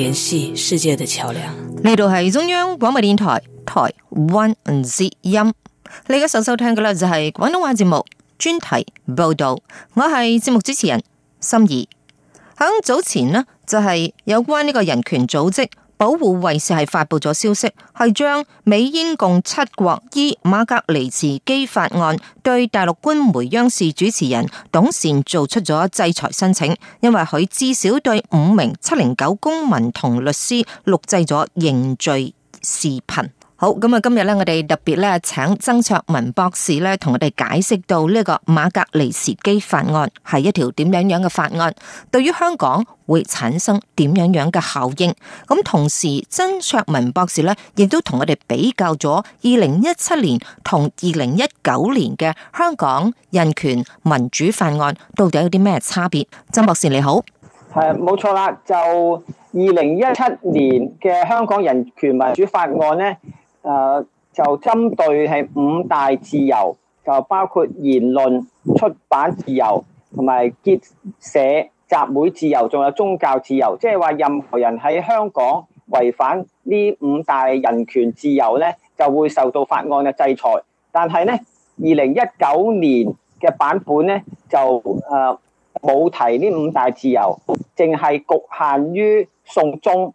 聯繫世界的橋樑。呢度係中央廣播電台台灣之音。你而家收，收聽嘅咧就係廣東話節目專題報道。我係節目主持人心儀響早前咧就係有關呢個人權組織。保護衛士係發布咗消息，係將美英共七國依馬格尼茨基法案對大陸官媒央視主持人董倩做出咗制裁申請，因為佢至少對五名七零九公民同律師錄製咗認罪視頻。好咁啊！今日咧，我哋特別咧請曾焯文博士咧同我哋解釋到呢個馬格尼茨基法案係一條點樣樣嘅法案，對於香港會產生點樣樣嘅效應。咁同時，曾焯文博士咧亦都同我哋比較咗二零一七年同二零一九年嘅香港人權民主法案到底有啲咩差別？曾博士你好，係冇錯啦。就二零一七年嘅香港人權民主法案呢。誒就針對係五大自由，就包括言論、出版自由同埋結社集會自由，仲有宗教自由。即係話任何人喺香港違反呢五大人權自由呢，就會受到法案嘅制裁。但係呢，二零一九年嘅版本呢，就誒冇提呢五大自由，淨係侷限於送中。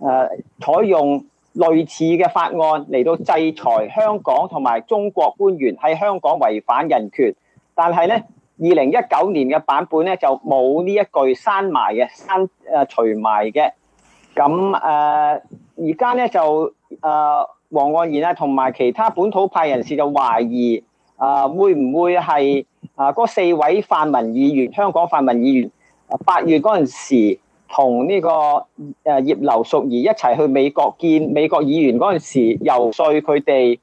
誒採用類似嘅法案嚟到制裁香港同埋中國官員喺香港違反人權，但係咧，二零一九年嘅版本咧就冇呢一句刪埋嘅，刪誒除埋嘅。咁誒而家咧就誒黃岸然啊同埋其他本土派人士就懷疑，誒會唔會係誒嗰四位泛民議員，香港泛民議員八月嗰陣時。同呢個誒葉劉淑儀一齊去美國見美國議員嗰陣時，遊説佢哋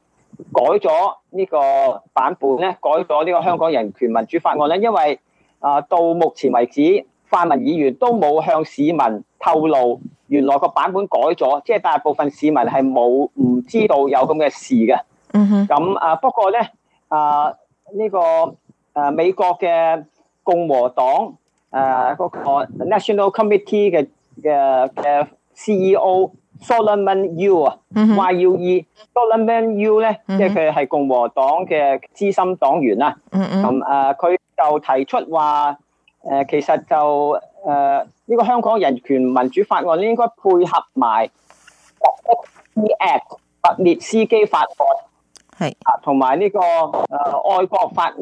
改咗呢個版本咧，改咗呢個香港人權民主法案咧，因為啊到目前為止泛民議員都冇向市民透露原來個版本改咗，即係大部分市民係冇唔知道有咁嘅事嘅。嗯哼。咁啊不過咧啊呢個誒美國嘅共和黨。誒個 National Committee 嘅嘅嘅 CEO Solomon Yue 啊，Y U E Solomon Yue 咧，即係佢係共和黨嘅資深黨員啦。咁誒，佢就提出話誒，其實就誒呢個香港人權民主法案咧，應該配合埋《馬格尼茨基法案》係啊，同埋呢個誒《愛國法案》。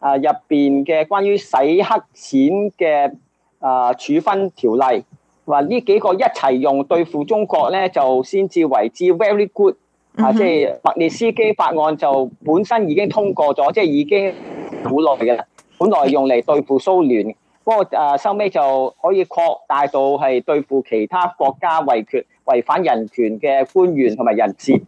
啊！入邊嘅關於洗黑錢嘅啊處分條例，話呢幾個一齊用對付中國咧，就先至為之 very good、嗯、哼啊！即係馬格尼茨基法案就本身已經通過咗，即、就、係、是、已經好耐嘅啦。本來用嚟對付蘇聯，不過啊收尾就可以擴大到係對付其他國家違決。違反人權嘅官員同埋人士。誒、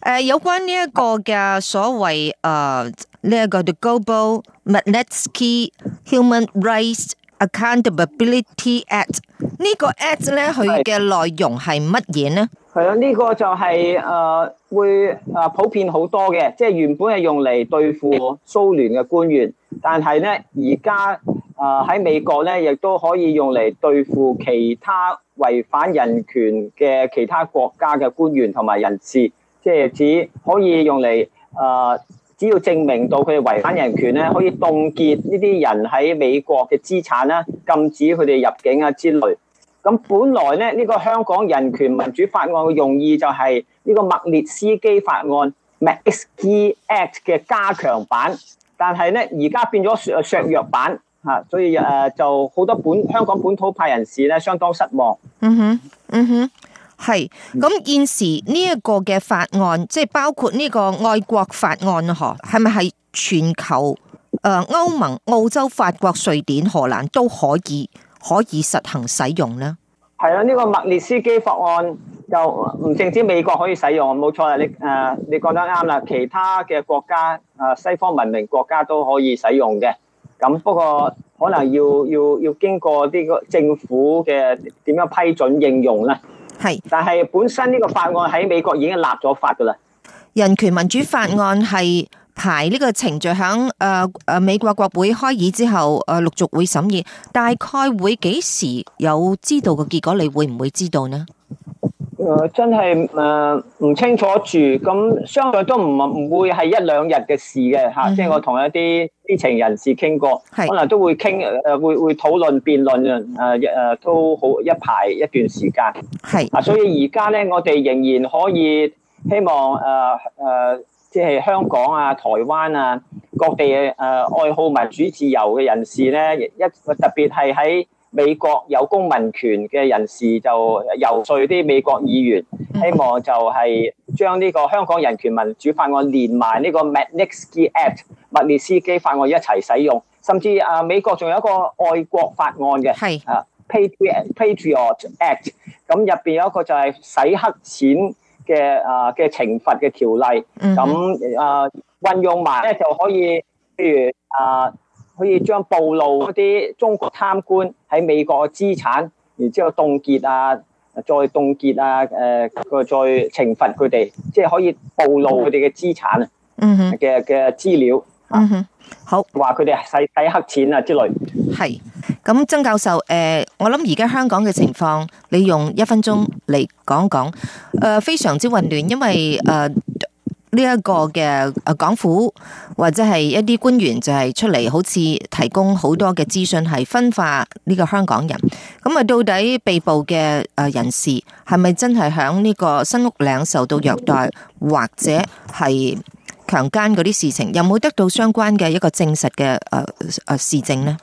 啊、有關呢一個嘅所謂誒呢一個嘅 Global Magnitsky Human Rights Accountability Act、這個、案件呢個 act 咧，佢嘅內容係乜嘢呢？係、這個就是、啊，呢個就係誒會誒、啊、普遍好多嘅，即、就、係、是、原本係用嚟對付蘇聯嘅官員，但係咧而家誒喺美國咧，亦都可以用嚟對付其他。違反人權嘅其他國家嘅官員同埋人士，即係只可以用嚟啊！只要證明到佢違反人權咧，可以凍結呢啲人喺美國嘅資產啦，禁止佢哋入境啊之類。咁本來咧，呢個香港人權民主法案嘅用意就係呢個麥列斯基法案 （Magnitsky Act） 嘅加強版，但係咧而家變咗削削弱版。啊，所以誒就好多本香港本土派人士咧，相當失望。嗯哼，嗯哼，係。咁現時呢一個嘅法案，即係包括呢個愛國法案嗬，係咪係全球誒歐盟、澳洲、法國、瑞典、荷蘭都可以可以實行使用呢？係啊，呢個麥列斯基法案就唔淨止美國可以使用，冇錯啊！你誒，你講得啱啦，其他嘅國家誒西方文明國家都可以使用嘅。咁不過可能要要要經過啲個政府嘅點樣批准應用呢？係是，但係本身呢個法案喺美國已經立咗法㗎喇。人權民主法案係排呢個程序喺誒誒美國國會開議之後誒陸續會審議，大概會幾時有知道嘅結果？你會唔會知道呢？誒、呃，真係誒唔清楚住，咁相對都唔唔會係一兩日嘅事嘅吓、mm hmm. 啊。即係我同一啲知情人士傾過，是可能都會傾誒、呃，會會討論辯論誒誒都好一排一段時間。係是啊，所以而家咧，我哋仍然可以希望誒誒、啊啊，即係香港啊、台灣啊各地誒愛好民主自由嘅人士咧，一個特別係喺。美國有公民權嘅人士就游說啲美國議員，希望就係將呢個香港人權民主法案連埋呢個 Magnitsky Act、麥列斯基法案一齊使用，甚至啊美國仲有一個愛國法案嘅，係啊是 Patriot Act，咁入邊有一個就係洗黑錢嘅啊嘅懲罰嘅條例，咁、嗯、哼啊運用埋咧就可以，譬如啊。可以將暴露嗰啲中國貪官喺美國嘅資產，然之後凍結啊，再凍結啊，誒個再懲罰佢哋，即係可以暴露佢哋嘅資產啊，嘅嘅、mm-hmm. 資料。嗯哼、mm-hmm. 好。話佢哋使使黑錢啊之類。係，咁曾教授誒、呃，我諗而家香港嘅情況，你用一分鐘嚟講講。誒、呃，非常之混亂，因為誒。呃呢一個嘅啊，港府或者係一啲官員就係出嚟，好似提供好多嘅資訊，係分化呢個香港人。咁啊，到底被捕嘅啊人士係咪真係響呢個新屋嶺受到虐待，或者係強姦嗰啲事情，有冇得到相關嘅一個證實嘅啊啊事證呢？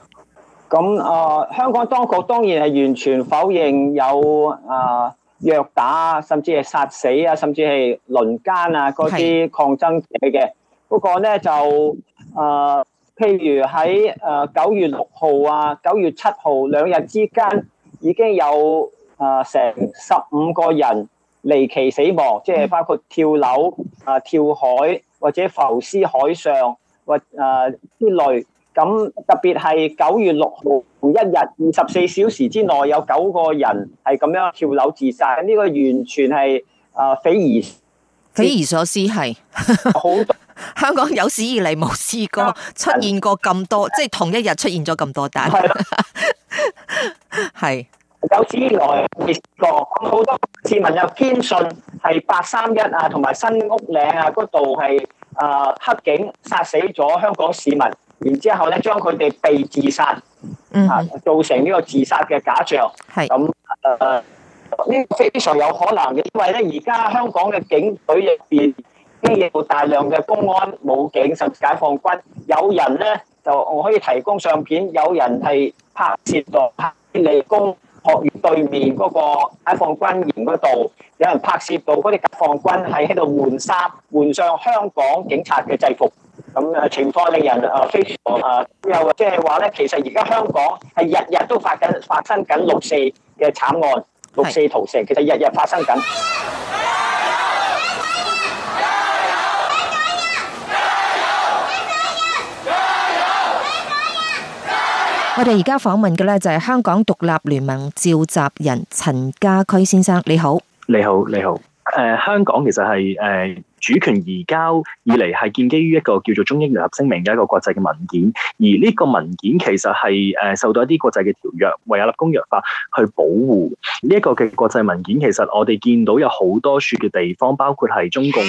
咁啊、呃，香港當局當然係完全否認有啊。呃虐打甚至係殺死啊，甚至係輪姦啊，嗰啲抗爭者嘅。不過呢就誒，譬如喺誒九月六號啊，九月七號兩日之間已經有誒成十五個人離奇死亡，即係包括跳樓啊、跳海或者浮屍海上或誒之類。咁特別係九月六號同一日，二十四小時之內有九個人係咁樣跳樓自殺，呢個完全係啊匪夷匪夷所思，係好多香港有史以嚟冇試過出現過咁多，即係同一日出現咗咁多單。係有史以來未試過，好多市民又堅信係八三一啊，同埋新屋嶺啊嗰度係啊黑警殺死咗香港市民。然之後咧，將佢哋被自殺，啊、mm，hmm. 造成呢個自殺嘅假象。係咁誒，呢、hmm. 呃這個非常有可能，嘅，因為咧而家香港嘅警隊入邊，經遇到大量嘅公安、武警甚至解放軍，有人咧就我可以提供相片，有人係拍攝到拍攝理工學院對面嗰個解放軍營嗰度，有人拍攝到嗰啲解放軍係喺度換衫，換上香港警察嘅制服。咁啊，情況令人誒非常誒，有即係話咧，其實而家香港係日日都發緊發生緊六四嘅慘案，六四屠城，其實日日發生緊。我哋而家訪問嘅咧就係香港獨立聯盟召集人陳家駒先生，你好，你好，你好。誒，香港其實係誒。主權移交以嚟係建基於一個叫做《中英聯合聲明》嘅一個國際嘅文件，而呢個文件其實係誒受到一啲國際嘅條約《維也納公約法》去保護呢一個嘅國際文件。其實我哋見到有好多處嘅地方，包括係中共誒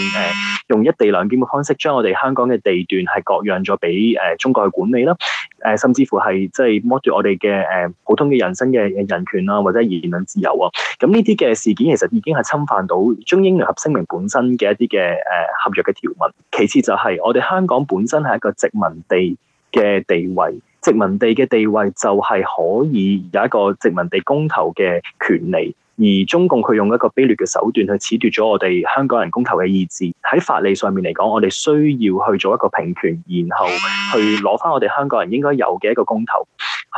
用一地兩檢嘅方式，將我哋香港嘅地段係割讓咗俾誒中國去管理啦。誒，甚至乎係即係剝奪我哋嘅誒普通嘅人身嘅人權啊，或者言論自由啊。咁呢啲嘅事件其實已經係侵犯到《中英聯合聲明》本身嘅一啲嘅。誒合約嘅條文，其次就係我哋香港本身係一個殖民地嘅地位，殖民地嘅地位就係可以有一個殖民地公投嘅權利。而中共佢用一個卑劣嘅手段去褫奪咗我哋香港人公投嘅意志，喺法理上面嚟講，我哋需要去做一個平權然後去攞翻我哋香港人應該有嘅一個公投，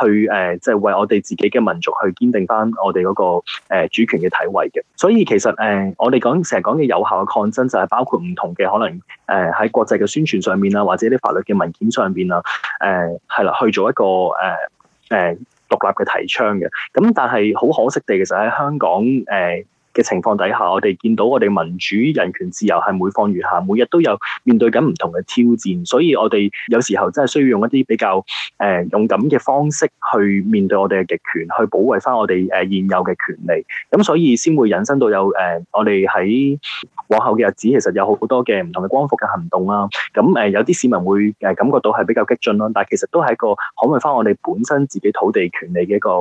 去誒，即係為我哋自己嘅民族去堅定翻我哋嗰個誒主權嘅體位嘅。所以其實誒，我哋講成日講嘅有效嘅抗爭，就係包括唔同嘅可能誒，喺國際嘅宣傳上面啊，或者啲法律嘅文件上面啊，誒係啦，去做一個誒誒。獨立嘅提倡嘅，咁但係好可惜地其實喺香港誒，呃嘅情況底下，我哋見到我哋民主、人權、自由係每況愈下，每日都有面對緊唔同嘅挑戰，所以我哋有時候真係需要用一啲比較誒勇敢嘅方式去面對我哋嘅極權，去保衛翻我哋誒現有嘅權利。咁所以先會引申到有誒我哋喺往後嘅日子，其實有好多嘅唔同嘅光復嘅行動啦。咁有啲市民會感覺到係比較激進啦，但其實都係一個捍衞翻我哋本身自己土地權利嘅一個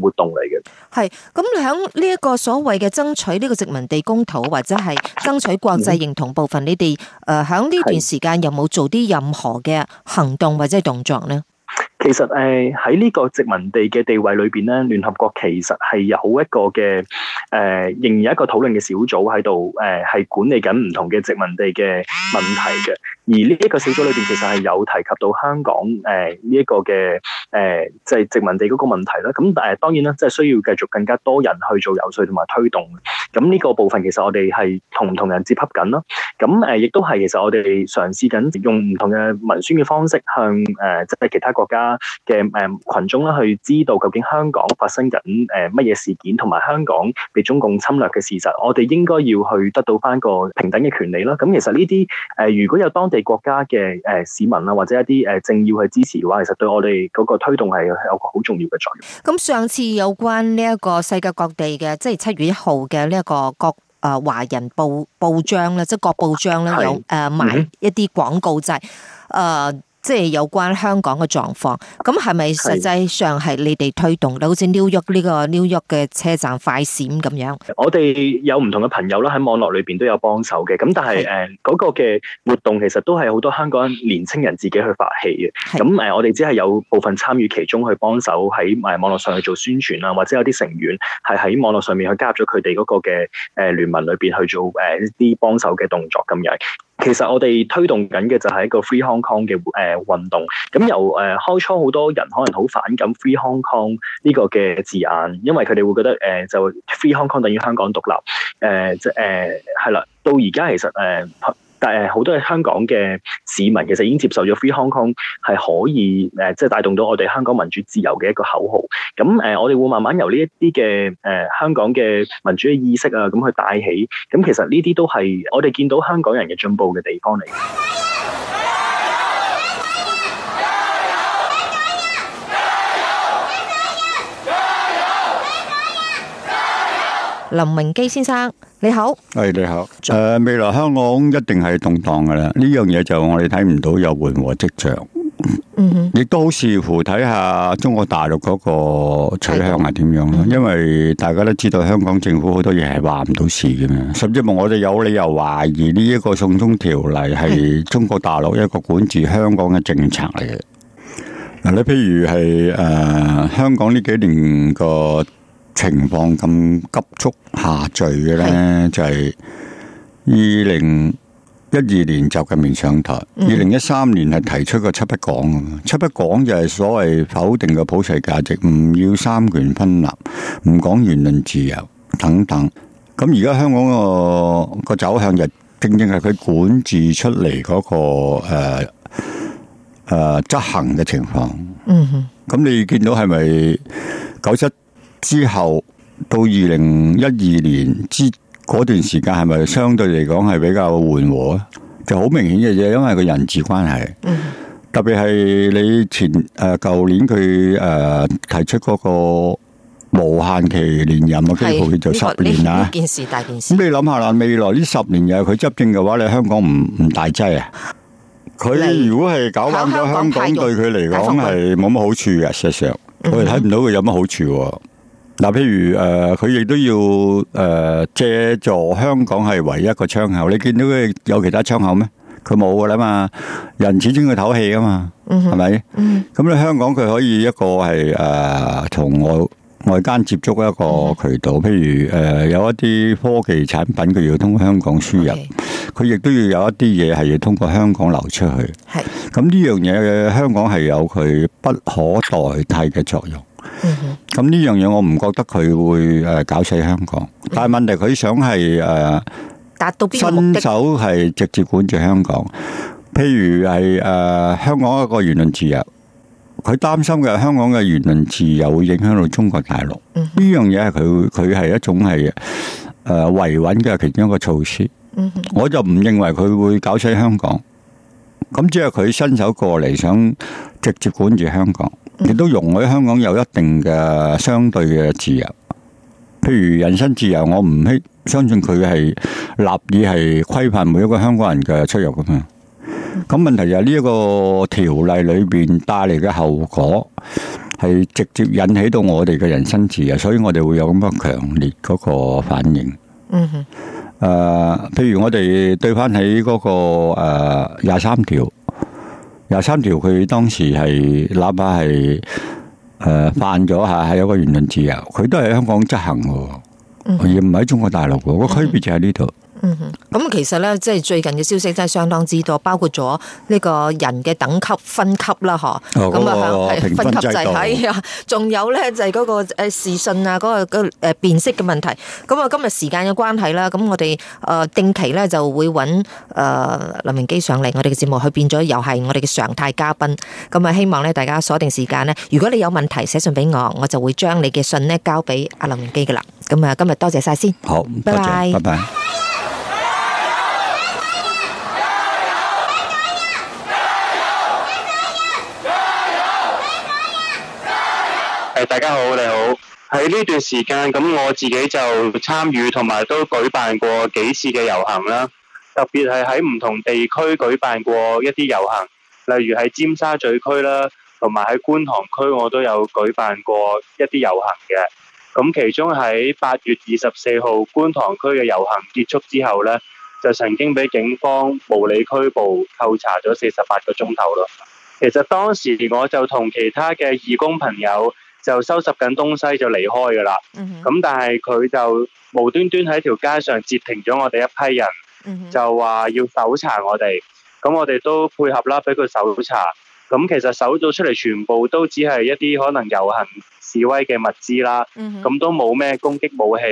活動嚟嘅。係，咁你喺呢一個所謂嘅爭爭取呢個殖民地公土，或者係爭取國際認同部分，你哋誒喺呢段時間有冇做啲任何嘅行動或者係動作呢？其實誒喺呢個殖民地嘅地位裏邊咧，聯合國其實係有一個嘅誒、呃、仍然有一個討論嘅小組喺度誒係管理緊唔同嘅殖民地嘅問題嘅。而呢一個小組裏邊其實係有提及到香港誒呢一個嘅誒即係殖民地嗰個問題啦。咁誒當然啦，即係需要繼續更加多人去做游說同埋推動。咁呢個部分其實我哋係同唔同人接洽緊啦。咁誒亦都係其實我哋嘗試緊用唔同嘅文宣嘅方式向誒即係其他國家。嘅誒羣眾啦，去知道究竟香港發生緊誒乜嘢事件，同埋香港被中共侵略嘅事實，我哋應該要去得到翻個平等嘅權利啦。咁其實呢啲誒，如果有當地國家嘅誒市民啊，或者一啲誒政要去支持嘅話，其實對我哋嗰個推動係有個好重要嘅作用。咁上次有關呢一個世界各地嘅，即係七月一號嘅呢一個各誒華人報報章咧，即係各報章咧有誒買一啲廣告、就是，就係誒。嗯即係有關香港嘅狀況，咁係咪實際上係你哋推動？是的 好似 New York 呢個 New York 嘅車站快閃咁樣？我哋有唔同嘅朋友啦，喺網絡裏邊都有幫手嘅。咁但係誒嗰個嘅活動其實都係好多香港年青人自己去發起嘅。咁誒，我哋只係有部分參與其中去幫手喺誒網絡上去做宣傳啊，或者有啲成員係喺網絡上面去加入咗佢哋嗰個嘅誒聯盟裏邊去做誒一啲幫手嘅動作咁樣。其實我哋推動緊嘅就係一個 Free Hong Kong 嘅誒運動，咁由誒開初好多人可能好反感 Free Hong Kong 呢個嘅字眼，因為佢哋會覺得誒就 Free Hong Kong 等於香港獨立，誒即誒係啦，到而家其實誒但係好多嘅香港嘅市民其實已經接受咗 Free Hong Kong 係可以誒，即係帶動到我哋香港民主自由嘅一個口號。咁誒，我哋會慢慢由呢一啲嘅誒香港嘅民主嘅意識啊，咁去帶起。咁其實呢啲都係我哋見到香港人嘅進步嘅地方嚟。林明基先生。你好，係、hey, 你好。誒、uh,，未來香港一定係動蕩嘅啦，呢樣嘢就我哋睇唔到有緩和跡象。嗯哼、mm，亦、hmm. 都好視乎睇下中國大陸嗰個取向係點樣咯，mm hmm. 因為大家都知道香港政府好多嘢係話唔到事嘅嘛，甚至乎我哋有理由懷疑呢一個送中條例係中國大陸一個管治香港嘅政策嚟嘅。嗱、mm，你、hmm. 譬如係誒、呃、香港呢幾年個。情況咁急促下墜嘅呢，就係二零一二年習近平上台，二零一三年係提出個七不講，七不講就係所謂否定個普世價值，唔要三權分立，唔講言論自由等等。咁而家香港個個走向就正正係佢管治出嚟嗰個誒誒執行嘅情況。嗯哼，咁你見到係咪九七？之後到二零一二年之嗰段時間，係咪相對嚟講係比較緩和咧？就好明顯嘅啫，因為個人治關係，特別係你前誒舊年佢誒提出嗰個無限期連任嘅機會，就十年啊！呢件事大件事。咁你諗下啦，未來呢十年又佢執政嘅話，你香港唔唔大劑啊？佢如果係搞翻咗香港，對佢嚟講係冇乜好處嘅。事實上，我哋睇唔到佢有乜好處。嗱，譬如誒，佢亦都要誒，借助香港係唯一一個窗口。你見到佢有其他窗口咩？佢冇噶啦嘛，人始終佢透氣啊嘛，係咪？咁咧，香港佢可以一個係誒，同外外間接觸一個渠道。譬如誒，有一啲科技產品，佢要通過香港輸入，佢亦都要有一啲嘢係要通過香港流出去。係咁呢樣嘢嘅，香港係有佢不可代替嘅作用。咁呢、嗯、樣嘢我唔覺得佢會誒搞死香港，嗯、哼但係問題佢想係誒達到邊目的，伸手係直接管住香港。譬如係誒、uh, 香港一個言論自由，佢擔心嘅係香港嘅言論自由會影響到中國大陸。呢、嗯、哼樣嘢係佢佢係一種係誒維穩嘅其中一個措施。嗯、哼我就唔認為佢會搞死香港，咁只係佢伸手過嚟想直接管住香港。亦都容許香港有一定嘅相對嘅自由，譬如人身自由，我唔係相信佢係立意係規範每一個香港人嘅出入咁樣。咁問題就係呢一個條例裏邊帶嚟嘅後果，係直接引起到我哋嘅人身自由，所以我哋會有咁多強烈嗰個反應。嗯，誒，譬如我哋對翻起嗰個誒廿三條。呃廿三條佢當時係哪怕係誒犯咗下，係有個言論自由，佢都係香港執行喎，嗯、哼而唔係中國大陸喎，個區別就喺呢度。嗯咁、嗯、其實咧，即係最近嘅消息真係相當之多，包括咗呢個人嘅等級分級啦，嗬、哦。咁嗰個分級制度。係啊、就係，仲、哎、有咧就係嗰個誒視訊啊，嗰、嗰個個誒辨識嘅問題。咁啊，今日時間嘅關係啦，咁我哋誒定期咧就會揾誒林明基上嚟，我哋嘅節目去變咗又係我哋嘅常態嘉賓。咁啊，希望咧大家鎖定時間呢。如果你有問題寫信俾我，我就會將你嘅信呢交俾阿林明基噶啦。咁啊，今日多謝晒先，好拜拜，拜拜，拜拜。大家好，你好。喺呢段時間，咁我自己就參與同埋都舉辦過幾次嘅遊行啦。特別係喺唔同地區舉辦過一啲遊行，例如喺尖沙咀區啦，同埋喺觀塘區，我都有舉辦過一啲遊行嘅。咁其中喺八月二十四號觀塘區嘅遊行結束之後呢，就曾經俾警方無理拘捕扣查咗四十八個鐘頭咯。其實當時我就同其他嘅義工朋友，就收拾緊東西就離開㗎啦，咁、mm hmm. 但係佢就無端端喺條街上截停咗我哋一批人，mm hmm. 就話要搜查我哋，咁我哋都配合啦，俾佢搜查，咁其實搜到出嚟全部都只係一啲可能遊行示威嘅物資啦，咁、mm hmm. 都冇咩攻擊武器，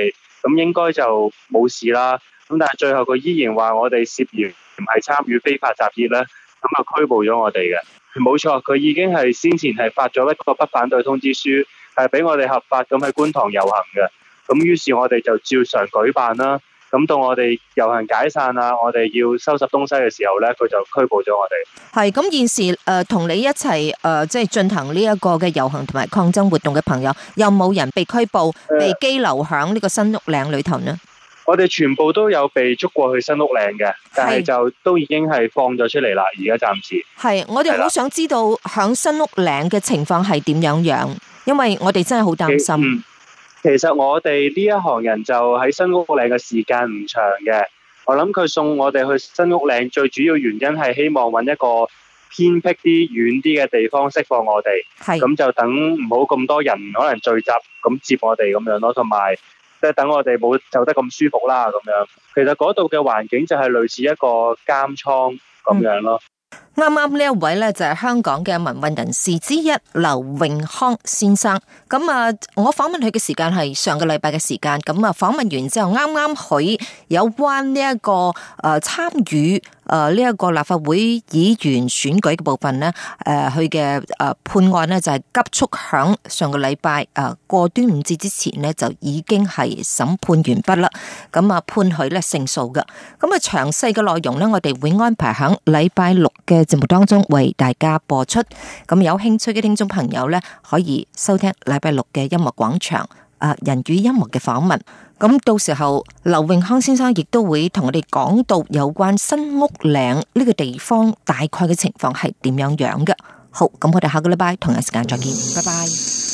咁應該就冇事啦，咁但係最後佢依然話我哋涉嫌唔係參與非法集結咧，咁就拘捕咗我哋嘅。冇錯，佢已經係先前係發咗一個不反對通知書，係俾我哋合法咁喺觀塘遊行嘅。咁於是我哋就照常舉辦啦。咁到我哋遊行解散啊，我哋要收拾東西嘅時候呢，佢就拘捕咗我哋。係咁現時誒，同、呃、你一齊誒、呃，即係進行呢一個嘅遊行同埋抗爭活動嘅朋友，有冇人被拘捕、呃、被羈留響呢個新屋嶺裏頭呢？我哋全部都有被捉過去新屋嶺嘅，但係就都已經係放咗出嚟啦。而家暫時係，我哋好想知道響的新屋嶺嘅情況係點樣樣，因為我哋真係好擔心其、嗯。其實我哋呢一行人就喺新屋嶺嘅時間唔長嘅，我諗佢送我哋去新屋嶺最主要原因係希望搵一個偏僻啲、遠啲嘅地方釋放我哋，咁是就等唔好咁多人可能聚集咁接我哋咁樣咯，同埋。即係等我哋冇走得咁舒服啦，咁樣。其實嗰度嘅環境就係類似一個監倉咁樣咯。啱啱呢一位咧就係香港嘅民運人士之一劉永康先生。咁啊，我訪問佢嘅時間係上個禮拜嘅時間。咁啊，訪問完之後，啱啱佢有關呢一個誒參與。誒，呢一個立法會議員選舉嘅部分呢，誒，佢嘅誒判案呢就係急速響上個禮拜誒過端午節之前呢就已經係審判完畢啦。咁啊判佢咧勝訴嘅，咁啊詳細嘅內容呢我哋會安排喺禮拜六嘅節目當中為大家播出。咁有興趣嘅聽眾朋友呢可以收聽禮拜六嘅音樂廣場。誒，人與音樂嘅訪問，咁到時候劉永康先生亦都會同我哋講到有關新屋嶺呢個地方大概嘅情況係點樣樣嘅。好，咁我哋下個禮拜同一時間再見，拜拜。